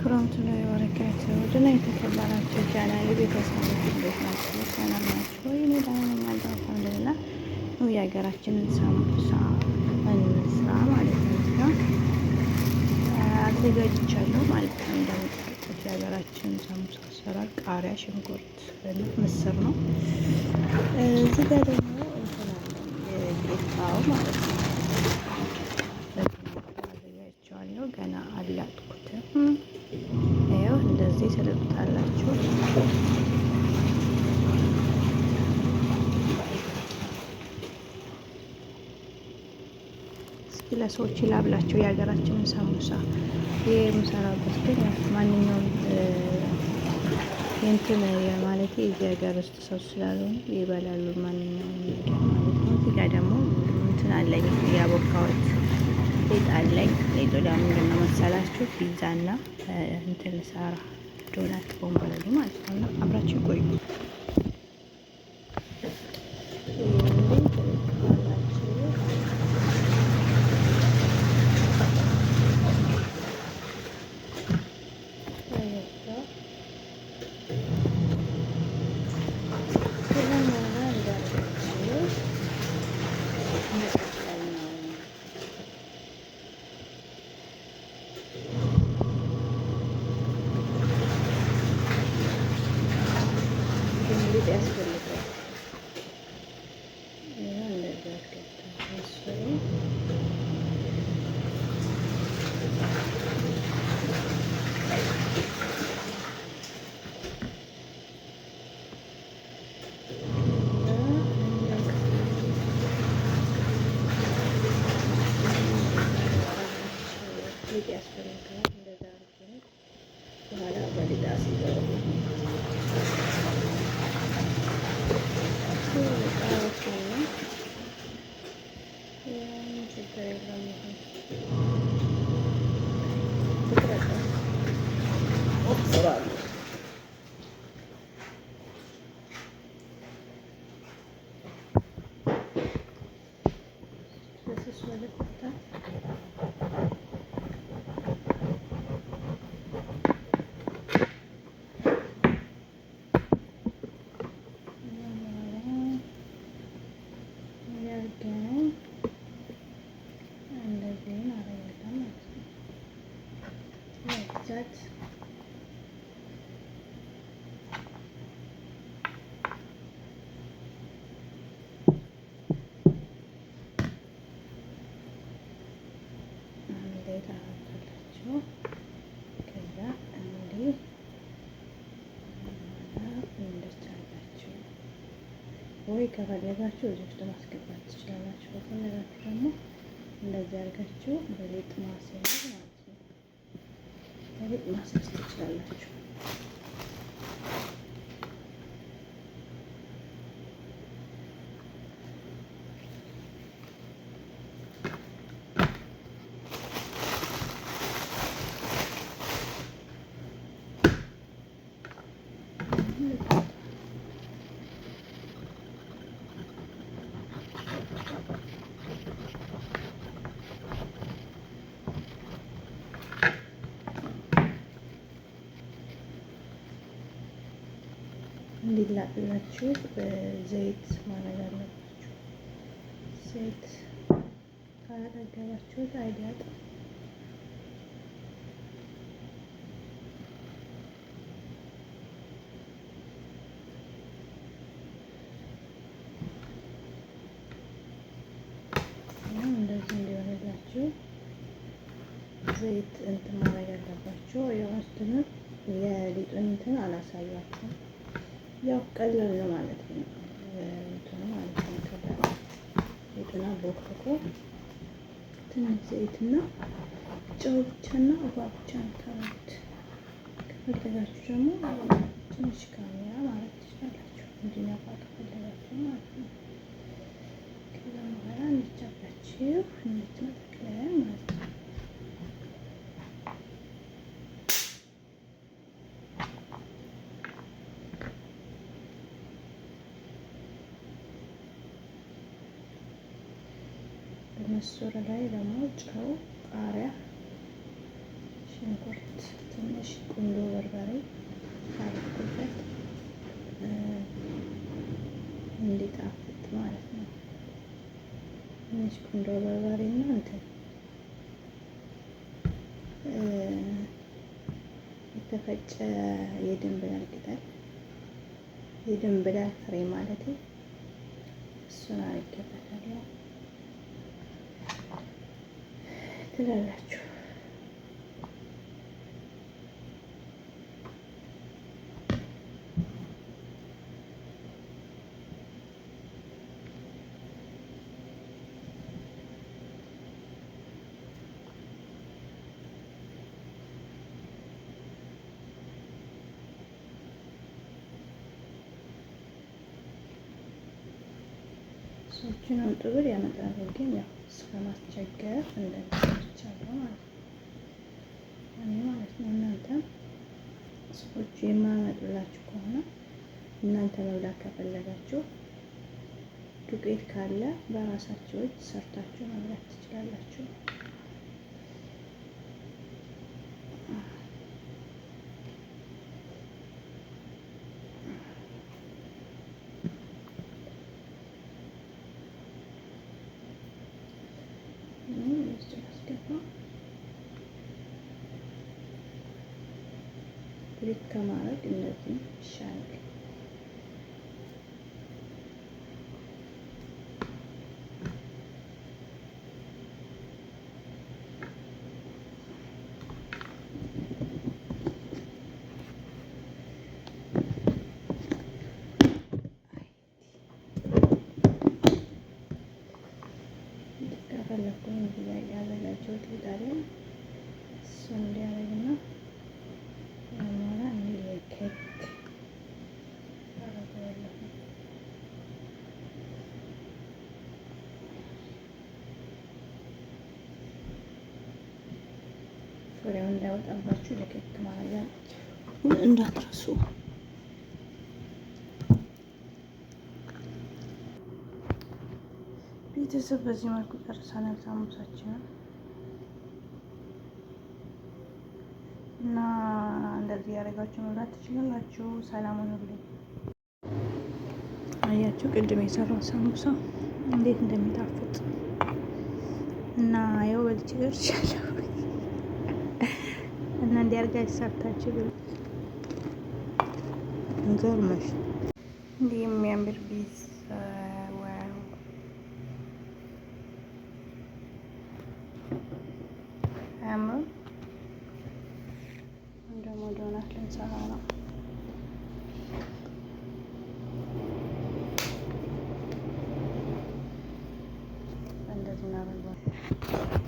ክረምቱላዊ ወረቀት ወደና የተከበራችሁ ቻናል ቤተሰቦች እንዴት ናቸው? ሰላም ናቸው ወይ? እኔ ደህና ነኝ አልሐምዱሊላህ። የሀገራችንን ሳምቡሳ እንስራ ማለት ነው። እዚህ አዘጋጅቻለሁ ማለት ነው። እንደምታውቁት የሀገራችንን ሳምቡሳ አሰራር ቃሪያ፣ ሽንኩርት እና ምስር ነው። እዚህ ደግሞ እንትን አለ ማለት ነው እስኪ ለሰዎች ላብላቸው የሀገራችንን ሳሙሳ። ይህ የምሰራበት ግን ማንኛውም የእንትን ማለት የሀገር ውስጥ ሰው ስላልሆኑ ይበላሉ ማንኛውም ነገር ማለት ነው። ደግሞ እንትን አለኝ የአቦካዎች ሌጥ አለኝ። ሌጡ ደግሞ ምንድን ነው መሰላችሁ? ፒዛና እንትን ሰራ ዶናት ቦምባላሉ ማለት ነው። አብራችሁ ይቆዩ። በመግዛት ወይ ከፈለጋችሁ እዚህ ውስጥ ማስገባት ትችላላችሁ። ከፈለጋችሁ ደግሞ እንደዚህ አድርጋችሁ በሊጥ ማስያ ላይ ማሰብሰብ ትችላላችሁ። እንዲላጥላችሁ ዘይት ማድረግ አለባችሁ። ዘይት ካላጠገባችሁት አይዲያጥ እንደዚህ እንዲሆንላችሁ ዘይት እንትን ማድረግ አለባችሁ። የሊጡን እንትን አላሳያችሁም። ያው ቀለል ነው ማለት ነው። እንትኑ ማለት ነው ከዛ የትና ቦክቶ ትንሽ ዘይትና ጨው ብቻና ውሃ ብቻ ካሉት ከፈለጋችሁ ደግሞ ትንሽ ካሜራ ማለት ትችላላችሁ። እንዲነባ ከፈለጋችሁ ማለት ነው። ከዛ በኋላ እንዲቻላችሁ እንድትመጠ ምስር ላይ ደግሞ ጨው፣ ቃሪያ፣ ሽንኩርት፣ ትንሽ ቁንዶ በርበሬ አድርጎበት እንዲጣፍጥ ማለት ነው። ትንሽ ቁንዶ በርበሬ እና እንትን የተፈጨ የድንብላል ቅጠል የድንብላል ፍሬ ማለት እሱን አድርጌበታለሁ። ትላላችሁ። ሰዎችን ጥሩ ያመጣሉ፣ ግን ያው እስከ ማስቸገር አለ ማለት ነው። እኔ ማለት ነው እናንተ ሰዎች የማመጡላችሁ ከሆነ እናንተ መብላት ከፈለጋችሁ ዱቄት ካለ በራሳችሁ ሰርታችሁ መብላት ትችላላችሁ። ክሊክ ከማድረግ እነዚህ ይሻላል። ከፈለኩኝ ያዘጋጀሁት ጣሪያ ፍሬው እንዳይወጣባችሁ ማለያ ሁሉ እንዳትረሱ። ቤተሰብ በዚህ መልኩ ጨርሰናል ሳሙሳችንን እና እንደዚህ ያደረጋችሁ መብላት ትችላላችሁ። ሰላም ሁኑልኝ። አያችሁ ቅድም የሰራው ሳሙሳ እንዴት እንደሚጣፍጥ እና ያው በልቼ ደርሻለሁ። እና እንዲያርጋችሁ ሰርታችሁ ብሉ። እንገርመሽ እንዲህ የሚያምር ቢዝ አያምሩ እንደሞ ዶናት ልንሰራ ነው። እንደዚህ